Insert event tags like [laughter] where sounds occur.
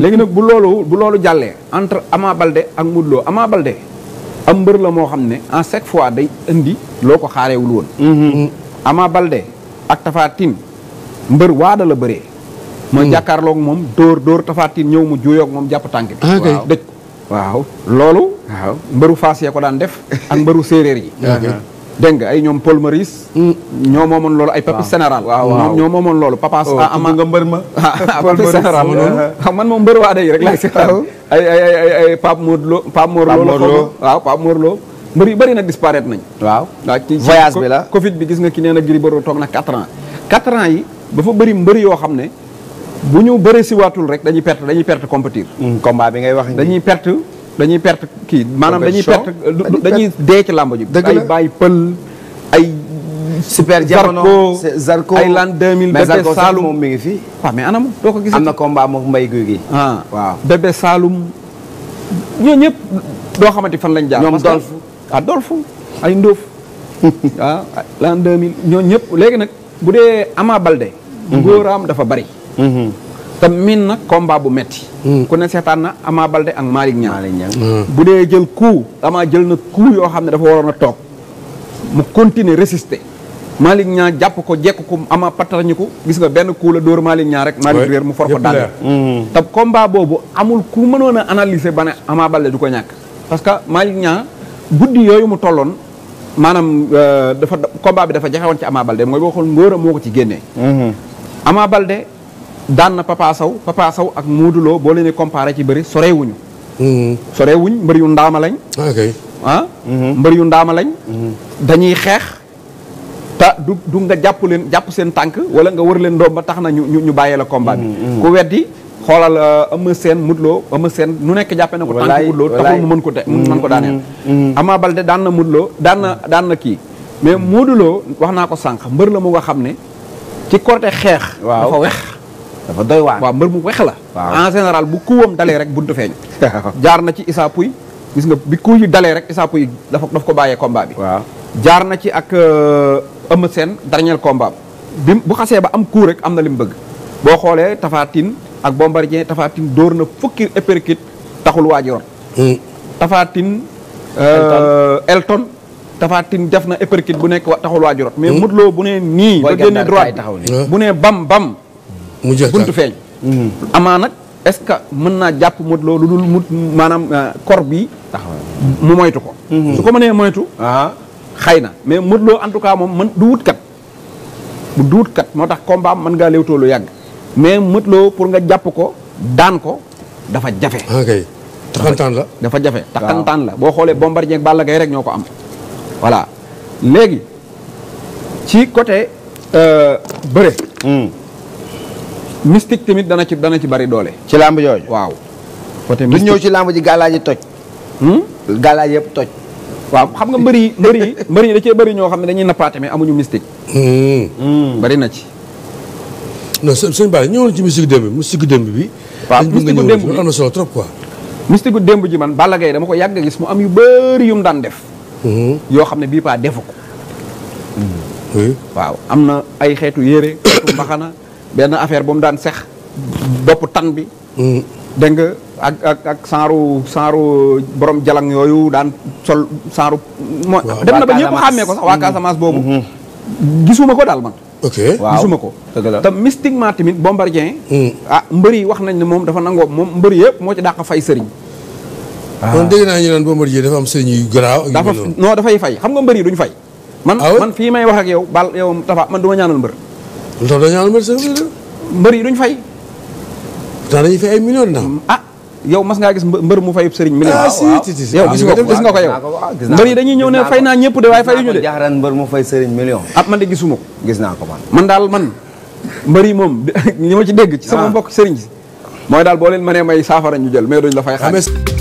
léegi nag bu loolu bu loolu jàllee entre Ama Balde ak Modou Lo Ama Balde am mbër la moo xam ne en chaque fois day indi loo ko xaareewul woon. Mhm. Ama Balde ak Tapha Tine mbër waada la bëree. ma mhm. jàkkaarloog moom dóor dóor Tapha Tine ñëw mu juyoog moom jàpp tànk bi. dëj ah, waaw loolu. mbëru Fass yee ko daan def ak mbëru séeréer yi. Ah, dégg nga ay ñoom Paul Maurice. Mm. ñoo moomoon loolu ay papis général. waaw waaw ñoo moomoon loolu papas. ah oh, ama nga mbër ma. [laughs] Ah, papis général xam ah, man moom mbër waa day rek laay si xel. ay ay ay ay Pape Morlo Pape Morlo. waaw mbër yu bëri nag disparaître nañ waaw waaw ci voyage bi la Covid bi gis nga ki nee na Gris Bordeaux toog na 4 ans. 4 ans yi dafa bëri mbëri yoo xam ne bu ñu bëree si waatul rek dañuy perte dañuy perte compétir. Mm, combat bi ngay wax dañuy perte. dañuy perte kii maanaam dañuy perte dañuy dee ci làmb ji. dëgg la ay bàyyi pël ay. super jamono Zarko ay lan 2000. mais Zarko sax moom mi ngi fi. waaw mais anam doo ko gis. am na combat gi. Ah. waaw bébé Saloum. ñooñu ñëpp doo xamante fan lañ jaar. ñoom dolfu ah dolfu ay ndóof. waaw [laughs] ah, lan 2000 ñooñu ñëpp léegi nag bu dee Ama Balde. Mhm. ngóoraam dafa bari. Mhm. te miin na combat bu metti hmm. ku ne seetaan na Ama Baldé ak Malick Niang hmm. Hmm. bu dee jël coup Ama jël na coup yoo xam ne dafa waroon a toog mu continuer résister Malick Niang jàpp ko jekk ko Ama pattarañu ko gis nga benn coup dóor Malick Niang rek Malick réer mu for ko te combat boobu amul ku mënoon a analyser ba ne Ama Baldé du ko ñàkk parce que Malick Niang guddi yooyu mu tolloon maanaam euh, dafa combat bi dafa jaxewoon ci Ama Baldé mooy boo xool ngóor moo ko ci génnee Ama Baldé daan na Papa Sow Papa Sow ak muuduloo boo leen di comparé ci bëri sorewuñu hmm. sorewuñ mbër yu ndaama lañ ah hmm. mbër yu ndaama lañ hmm. dañuy xeex te du du nga jàpp leen jàpp seen tànk wala nga wër leen doom ba tax na ñu ñu bàyyee la combat bi ku weddi xoolal uh, Eumeu Sène Modou Lo Eumeu Sène nu nekk jàppe na ko tànk Modou Lo taxul mu mën ko de mën ko daaneel Ama Baldé daan na Modou Lo daan na daan na kii mais Modou wax naa ko sànq mbër la mu nga xam ne ci côté xeex dafa wex dafa doy waar waaw mbër mu wex la en général bu kuwam dalee rek buntu feeñ [laughs] jaar na ci Issa Pouye gis nga bi ku yi dalee rek Issa Pouye dafa daf ko bàyyee combat bi waaw jaar na ci ak euh, Eumeu Sène dernier combat bi bu xasee ba am coup rek am na li mu bëgg boo xoolee Tapha ak Bombardier Tapha Tine dóor na fukki uppercut taxul waa ji rot hmm. Tapha Tine euh, Elton Tapha Tine def na uppercut bu nekk taxul waa ji rot mais hmm. Modou Lo bu ne nii ba génne droit bu ne bam bam mu jeex buntu feeñ. Hmm. amaa nag est-ce que mën naa jàpp Modou loo lu dul mu maanaam euh, kor bi mu moytu ko. Hmm. su ko mënee moytu. Ah. xëy na mais Modou Lo en tout cas moom man du wut kat. du wut moo tax combat mën ngaa léewtoo lu yàgg. mais Modou loo pour nga jàpp ko daan ko dafa jafe. ok la dafa jafe taxantaan la boo xoolee Bombardier ak Balla Gaye rek ñoo ko am. voilà léegi ci côté euh, bëre. Hmm. mystique tamit dana ci dana ci bari doole. ci làmb yooyu waaw. côté mystique ñëw ci làmb ji gàllaaj yi toj. Hmm? gàllaaj yëpp toj. waaw xam nga mbëri yi mbëri yi [laughs] mbëri yi da cee bëri ñoo xam ne dañuy nappaate mais amuñu mystique. Hmm. Hmm. bari na ci. non sëñ Ba ñëwoon ci mystique démb bi mystique démb bi. waaw mystique démb bi am na solo trop quoi. mystique démb ji man Balla Gaye dama ko yàgg a gis mu am yu bëri yu mu daan def. yoo xam ne bii paa defu ko. waaw am na ay xeetu yére [coughs] xeetu mbaxana benn affaire bu daan sex bopp tan bi. Mm. dégg nga ak ak ak saaru saaru borom jalang yooyu daan sol saaru. moo dem na ba ñëpp xàmmee ko sax waa mm. Casamance boobu. Mm-hmm. gisuma ko daal man. ok waaw gisuma ko. dëgg la te mystiquement tamit Bombardier. Mm. ah mbër yi wax nañ ne moom dafa nangoo moom mbër yëpp moo ci dàq fay sëriñ. kon ah. dégg naa ñu naan Bombardier dafa am sëriñ yu garaaw. dafa non dafay fay xam nga mbër yi duñ fay. man ah man fii may wax ak yow bal yow Tafa man du ma ñaanal mbër. lu tax dañu am mbër yi duñ fay. pourtant dañuy fay ay millions ndax. Mm, ah yow mas ngaa gis mbër mu fayub sëriñ million. ah si si si yow gis nga ko ah, gis nga ko yow. Ah, yi dañuy ñëw ne fay naa ñëpp de waaye fayuñu de. jaaraan mu fay sëriñ million. ah man de gisuma ko. gis naa ko man man daal man. mbër yi moom [laughs] ñi ma ci dégg. ci sama ah. mbokk sëriñ si. mooy daal boo leen mënee may saafara ñu jël mais duñ la fay xaalis.